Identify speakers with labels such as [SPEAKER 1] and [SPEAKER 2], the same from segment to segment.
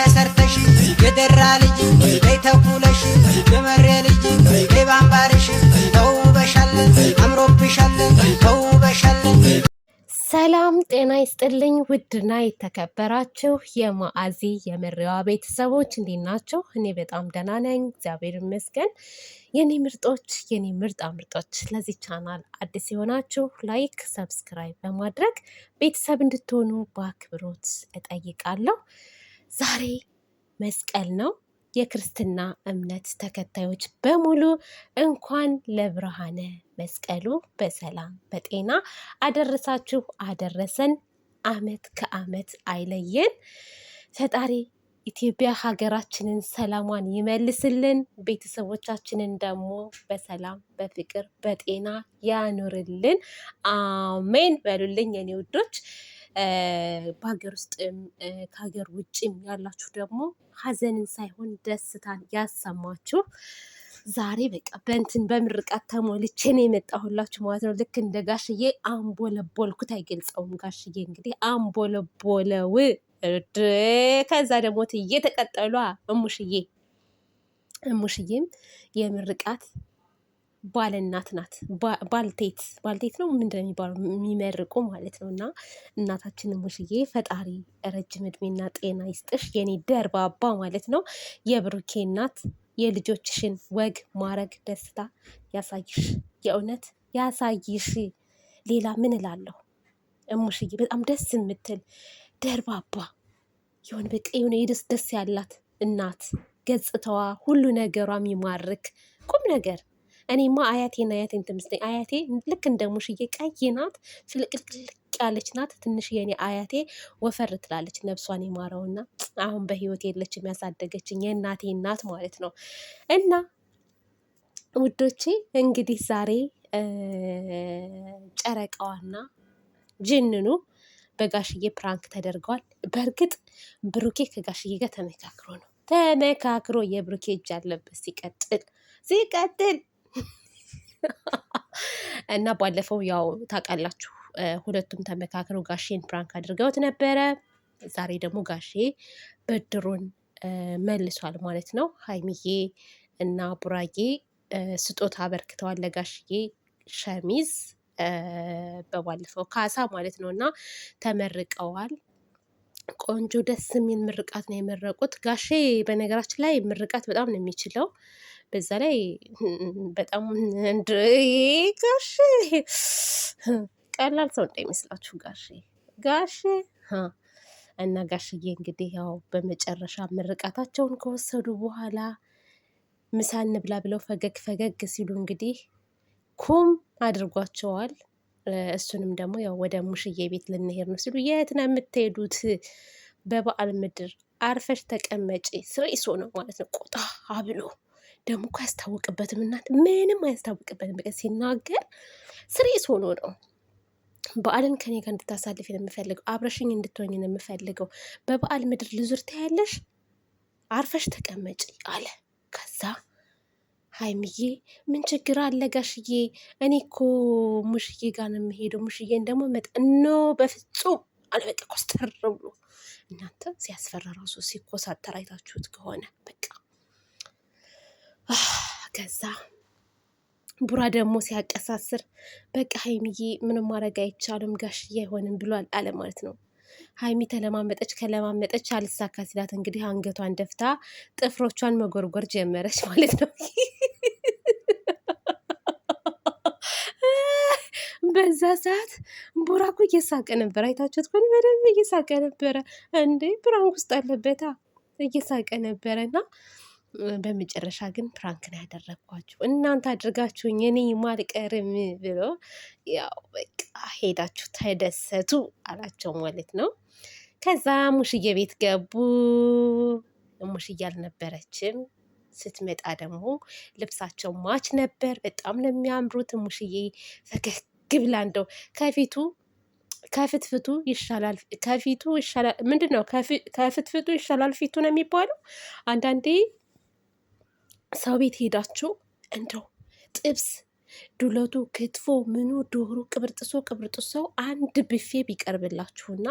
[SPEAKER 1] ተሰርተሽ የደራ ልጅ ተኩለሽ የመሬ ልጅ በይ ባምባርሽ ተውበሻለን አምሮብሻለን
[SPEAKER 2] ሰላም ጤና ይስጥልኝ። ውድና የተከበራችሁ የማአዚ የመሪዋ ቤተሰቦች እንዴት ናችሁ? እኔ በጣም ደህና ነኝ፣ እግዚአብሔር ይመስገን። የኔ ምርጦች፣ የኔ ምርጣ ምርጦች፣ ለዚህ ቻናል አዲስ የሆናችሁ ላይክ፣ ሰብስክራይብ በማድረግ ቤተሰብ እንድትሆኑ በአክብሮት እጠይቃለሁ። ዛሬ መስቀል ነው። የክርስትና እምነት ተከታዮች በሙሉ እንኳን ለብርሃነ መስቀሉ በሰላም በጤና አደረሳችሁ አደረሰን። ዓመት ከዓመት አይለየን። ፈጣሪ ኢትዮጵያ ሀገራችንን ሰላሟን ይመልስልን፣ ቤተሰቦቻችንን ደግሞ በሰላም በፍቅር በጤና ያኑርልን። አሜን በሉልኝ የኔ ውዶች። በሀገር ውስጥም ከሀገር ውጭም ያላችሁ ደግሞ ሀዘንን ሳይሆን ደስታን ያሰማችሁ። ዛሬ በቃ በእንትን በምርቃት ተሞልቼ ነው የመጣሁላችሁ ማለት ነው። ልክ እንደ ጋሽዬ አምቦለቦልኩት አይገልጸውም። ጋሽዬ እንግዲህ አምቦለቦለው። ከዛ ደግሞ ትዬ ተቀጠሏ እሙሽዬ እሙሽዬም የምርቃት ባለእናት ናት። ባልቴት ባልቴት ነው ምን የሚባሉ የሚመርቁ ማለት ነው። እና እናታችን ሙሽዬ ፈጣሪ ረጅም እድሜና ጤና ይስጥሽ የኔ ደርባባ ማለት ነው። የብሩኬ እናት የልጆችሽን ወግ ማረግ ደስታ ያሳይሽ፣ የእውነት ያሳይሽ። ሌላ ምን እላለሁ? እሙሽዬ በጣም ደስ የምትል ደርባባ የሆነ በቃ የሆነ የደስ ደስ ያላት እናት ገጽታዋ ሁሉ ነገሯ የሚማርክ ቁም ነገር እኔማ አያቴን አያቴን ትምስለኝ። አያቴ ልክ እንደ ሙሽዬ ቀይ ናት፣ ፍልቅልቅልቅ ያለች ናት። ትንሽ የኔ አያቴ ወፈር ትላለች። ነብሷን ይማረውና አሁን በህይወት የለች የሚያሳደገችኝ የእናቴ እናት ማለት ነው። እና ውዶቼ እንግዲህ ዛሬ ጨረቃዋና ጅንኑ በጋሽዬ ፕራንክ ተደርገዋል። በእርግጥ ብሩኬ ከጋሽዬ ጋር ተመካክሮ ነው ተመካክሮ የብሩኬ እጅ አለበት። ሲቀጥል ሲቀጥል እና ባለፈው ያው ታውቃላችሁ ሁለቱም ተመካክረው ጋሼን ፕራንክ አድርገውት ነበረ። ዛሬ ደግሞ ጋሼ ብድሩን መልሷል ማለት ነው። ሀይሚዬ እና ቡራጌ ስጦታ አበርክተዋል ለጋሽዬ ሸሚዝ በባለፈው ካሳ ማለት ነው እና ተመርቀዋል። ቆንጆ ደስ የሚል ምርቃት ነው የመረቁት። ጋሼ በነገራችን ላይ ምርቃት በጣም ነው የሚችለው። በዛ ላይ በጣም ጋሽ ቀላል ሰው እንዳይመስላችሁ ጋሽ ጋሽ እና ጋሽዬ እንግዲህ ያው በመጨረሻ ምርቃታቸውን ከወሰዱ በኋላ ምሳ እንብላ ብለው ፈገግ ፈገግ ሲሉ እንግዲህ ኩም አድርጓቸዋል። እሱንም ደግሞ ያው ወደ ሙሽዬ ቤት ልንሄድ ነው ሲሉ የት ነው የምትሄዱት? በበዓል ምድር አርፈሽ ተቀመጪ፣ ስሬሶ ነው ማለት ነው ቆጣ አብሎ ደግሞ እኮ አያስታውቅበትም። እናት ምንም አያስታውቅበትም። በቃ ሲናገር ስሬስ ሆኖ ነው። በዓልን ከኔ ጋር እንድታሳልፍ የምፈልገው። አብረሽኝ እንድትሆኝ የምፈልገው። በበዓል ምድር ልዙር ታያለሽ፣ አርፈሽ ተቀመጪ አለ። ከዛ ሀይምዬ ምን ችግር አለ ጋሽዬ? እኔ እኮ ሙሽዬ ጋር ነው የምሄደው። ሙሽዬን ደግሞ መጠ በፍጹም አለ። ኮስተር ብሎ እናንተ ሲያስፈራ ራሱ ሲኮሳተር አይታችሁት ከሆነ በቃ ከዛ ቡራ ደግሞ ሲያቀሳስር በቃ ሀይሚዬ ምንም ማድረግ አይቻልም ጋሽዬ አይሆንም ብሏል አለ ማለት ነው። ሀይሚ ተለማመጠች ከለማመጠች አልሳካ ሲላት እንግዲህ አንገቷን ደፍታ ጥፍሮቿን መጎርጎር ጀመረች ማለት ነው። በዛ ሰዓት ቡራ እኮ እየሳቀ ነበረ። አይታችሁት ከሆነ በደንብ እየሳቀ ነበረ። እንዴ ብራንክ ውስጥ አለበታ እየሳቀ ነበረ እና በመጨረሻ ግን ፕራንክ ያደረግኳችሁ እናንተ አድርጋችሁኝ እኔ ማልቀርም ብሎ ያው በቃ ሄዳችሁ ተደሰቱ አላቸው ማለት ነው። ከዛ ሙሽዬ ቤት ገቡ። ሙሽዬ አልነበረችም። ስትመጣ ደግሞ ልብሳቸው ማች ነበር። በጣም ነው የሚያምሩት። ሙሽዬ ፈገግ ብላ እንደው ከፊቱ ከፍትፍቱ ይሻላል ከፊቱ ይሻላል ምንድን ነው? ከፍትፍቱ ይሻላል ፊቱ ነው የሚባለው አንዳንዴ ሰው ቤት ሄዳችሁ እንደው ጥብስ ዱለቱ፣ ክትፎ፣ ምኑ፣ ዶሮ፣ ቅብርጥሶ ቅብርጥሶ አንድ ብፌ ቢቀርብላችሁና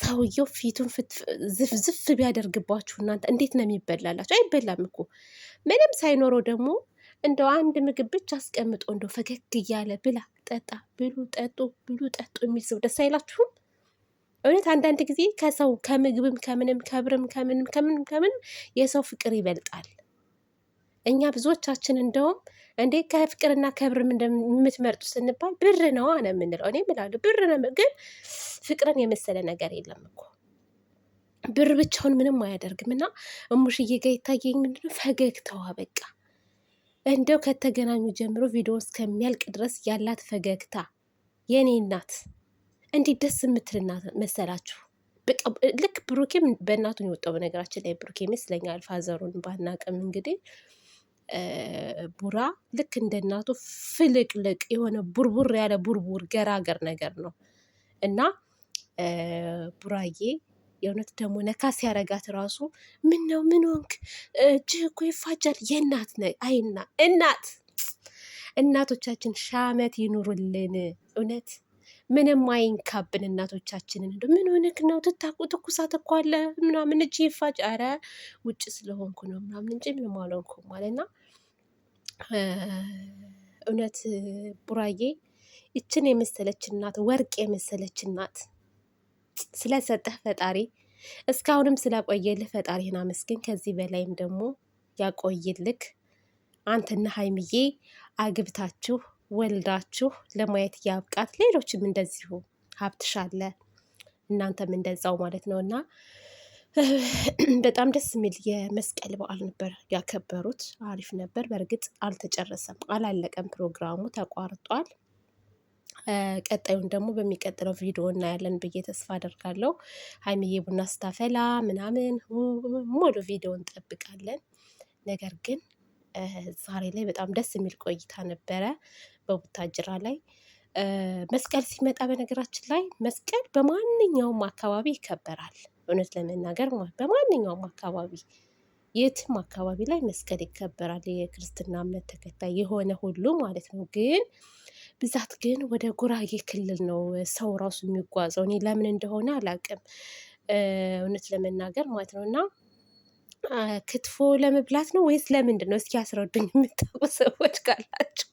[SPEAKER 2] ሰውየው ፊቱን ዝፍዝፍ ቢያደርግባችሁ እናንተ እንዴት ነው የሚበላላችሁ? አይበላም እኮ ምንም ሳይኖረው ደግሞ እንደው አንድ ምግብ ብቻ አስቀምጦ እንደው ፈገግ እያለ ብላ ጠጣ፣ ብሉ ጠጡ፣ ብሉ ጠጡ የሚል ሰው ደስ አይላችሁም? እውነት አንዳንድ ጊዜ ከሰው ከምግብም ከምንም ከብርም ከምንም ከምንም ከምንም የሰው ፍቅር ይበልጣል። እኛ ብዙዎቻችን እንደውም እንዴ ከፍቅርና ከብር የምትመርጡ ስንባል ብር ነዋ ነው የምንለው። እኔ እምላለሁ ብር ነው፣ ግን ፍቅርን የመሰለ ነገር የለም እኮ ብር ብቻውን ምንም አያደርግም። እና እሙሽዬ ጋ የታየኝ ምንድነው ፈገግታዋ በቃ እንደው ከተገናኙ ጀምሮ ቪዲዮ እስከሚያልቅ ድረስ ያላት ፈገግታ የእኔ እናት እንዴት ደስ የምትል እናት መሰላችሁ። ልክ ብሩኬም በእናቱን የወጣው በነገራችን ላይ ብሩኬ ይመስለኛል ፋዘሩን ባናቅም እንግዲህ ቡራ ልክ እንደ እናቱ ፍልቅልቅ የሆነ ቡርቡር ያለ ቡርቡር ገራገር ነገር ነው እና ቡራዬ የእውነት ደግሞ ነካ ሲያረጋት ራሱ ምን ነው ምን ሆንክ? እጅህ እኮ ይፋጃል። የእናት ነ አይና እናት እናቶቻችን ሻመት ይኑሩልን እውነት ምንም አይንካብን እናቶቻችንን። እንደ ምን ሆነክ ነው ትታቁ ትኩሳት እኮ አለ ምናምን እጅ ይፋጭ፣ ውጭ ስለሆንኩ ነው ምናምን እንጂ ምንም አልሆንኩም አለና እውነት ቡራዬ ይችን የመሰለች እናት ወርቅ የመሰለች እናት ስለሰጠህ ፈጣሪ እስካሁንም ስላቆየልህ ፈጣሪህን አመስግን። ከዚህ በላይም ደግሞ ያቆይልክ። አንተና ሀይምዬ አግብታችሁ ወልዳችሁ ለማየት ያብቃት። ሌሎችም እንደዚሁ ሀብትሽ አለ እናንተም እንደዛው ማለት ነው እና በጣም ደስ የሚል የመስቀል በዓል ነበር ያከበሩት። አሪፍ ነበር። በእርግጥ አልተጨረሰም፣ አላለቀም። ፕሮግራሙ ተቋርጧል። ቀጣዩን ደግሞ በሚቀጥለው ቪዲዮ እናያለን ብዬ ተስፋ አደርጋለሁ። ሀይሚዬ ቡና ስታፈላ ምናምን ሙሉ ቪዲዮ እንጠብቃለን። ነገር ግን ዛሬ ላይ በጣም ደስ የሚል ቆይታ ነበረ በቡታጅራ ላይ። መስቀል ሲመጣ በነገራችን ላይ መስቀል በማንኛውም አካባቢ ይከበራል። እውነት ለመናገር በማንኛውም አካባቢ የትም አካባቢ ላይ መስቀል ይከበራል። የክርስትና እምነት ተከታይ የሆነ ሁሉ ማለት ነው። ግን ብዛት ግን ወደ ጉራጌ ክልል ነው ሰው ራሱ የሚጓዘው። እኔ ለምን እንደሆነ አላውቅም። እውነት ለመናገር ማለት ነው እና ክትፎ ለመብላት ነው ወይስ ለምንድን ነው? እስኪ አስረዱኝ። የምታውቁ ሰዎች ካላቸው።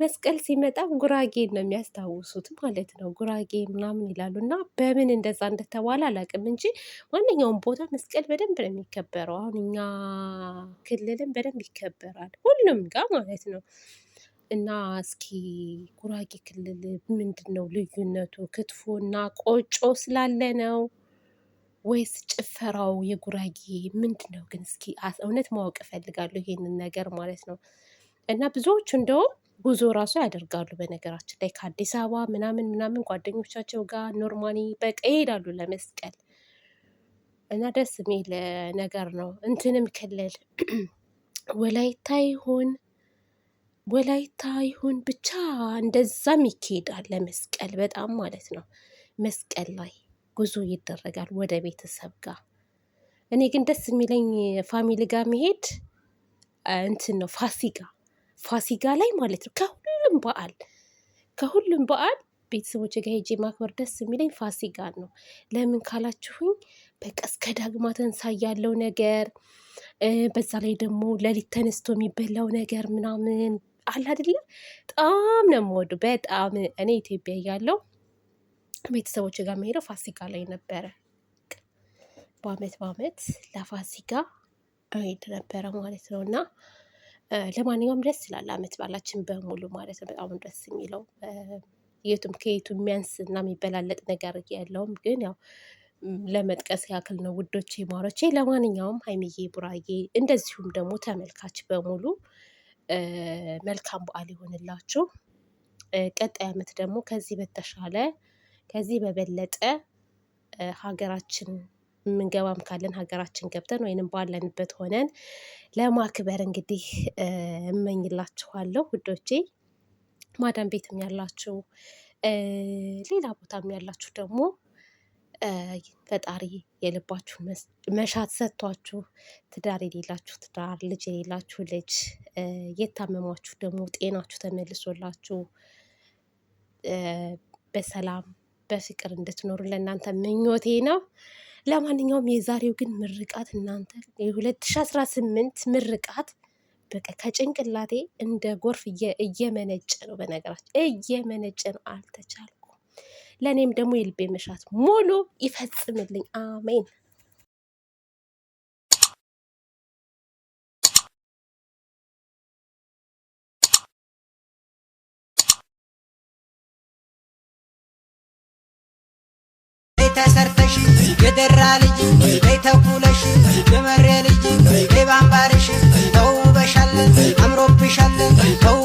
[SPEAKER 2] መስቀል ሲመጣ ጉራጌን ነው የሚያስታውሱት ማለት ነው። ጉራጌ ምናምን ይላሉ እና በምን እንደዛ እንደተባለ አላውቅም እንጂ ማንኛውም ቦታ መስቀል በደንብ ነው የሚከበረው። አሁን እኛ ክልልም በደንብ ይከበራል፣ ሁሉም ጋር ማለት ነው። እና እስኪ ጉራጌ ክልል ምንድን ነው ልዩነቱ? ክትፎ እና ቆጮ ስላለ ነው ወይስ ጭፈራው የጉራጌ ምንድን ነው ግን? እስኪ እውነት ማወቅ እፈልጋለሁ ይሄንን ነገር ማለት ነው። እና ብዙዎቹ እንደውም ጉዞ ራሱ ያደርጋሉ። በነገራችን ላይ ከአዲስ አበባ ምናምን ምናምን ጓደኞቻቸው ጋር ኖርማኒ በቃ ይሄዳሉ ለመስቀል እና ደስ የሚል ነገር ነው። እንትንም ክልል ወላይታ ይሁን ወላይታ ይሁን ብቻ እንደዛም ይካሄዳል ለመስቀል በጣም ማለት ነው መስቀል ላይ ጉዞ ይደረጋል ወደ ቤተሰብ ጋር። እኔ ግን ደስ የሚለኝ ፋሚሊ ጋር መሄድ እንትን ነው ፋሲካ ፋሲካ ላይ ማለት ነው። ከሁሉም በዓል ከሁሉም በዓል ቤተሰቦች ጋር ሄጄ ማክበር ደስ የሚለኝ ፋሲጋ ነው። ለምን ካላችሁኝ በቃ እስከ ዳግማ ተንሳ ያለው ነገር በዛ ላይ ደግሞ ለሊት ተነስቶ የሚበላው ነገር ምናምን አለ አይደለ? በጣም ነው የምወደው። በጣም እኔ ኢትዮጵያ እያለሁ ቤተሰቦች ጋር መሄደው ፋሲካ ላይ ነበረ። በአመት በአመት ለፋሲካ እሄድ ነበረ ማለት ነው። እና ለማንኛውም ደስ ይላል አመት ባላችን በሙሉ ማለት ነው። በጣም ደስ የሚለው የቱም ከየቱ የሚያንስ እና የሚበላለጥ ነገር ያለውም ግን ያው ለመጥቀስ ያክል ነው ውዶቼ ማሮቼ። ለማንኛውም ሀይሚዬ፣ ቡራዬ እንደዚሁም ደግሞ ተመልካች በሙሉ መልካም በዓል ይሆንላችሁ። ቀጣይ አመት ደግሞ ከዚህ በተሻለ ከዚህ በበለጠ ሀገራችን የምንገባም ካለን ሀገራችን ገብተን ወይንም ባለንበት ሆነን ለማክበር እንግዲህ እመኝላችኋለሁ ውዶቼ። ማዳም ቤትም ያላችሁ ሌላ ቦታም ያላችሁ ደግሞ ፈጣሪ የልባችሁ መሻት ሰጥቷችሁ ትዳር የሌላችሁ ትዳር፣ ልጅ የሌላችሁ ልጅ፣ የታመማችሁ ደግሞ ጤናችሁ ተመልሶላችሁ በሰላም በፍቅር እንድትኖሩ ለእናንተ ምኞቴ ነው። ለማንኛውም የዛሬው ግን ምርቃት እናንተ የ2018 ምርቃት በቃ ከጭንቅላቴ እንደ ጎርፍ እየመነጨ ነው። በነገራችን እየመነጨ ነው፣ አልተቻልኩም። ለእኔም ደግሞ የልቤ መሻት ሙሉ ይፈጽምልኝ። አሜን።
[SPEAKER 1] ተሰርተሽ የደራ ልጅ በይ ተኩለሽ የመሬ ልጅ በይ ባምባርሽ ተውበሻለን አምሮብሻለን ተው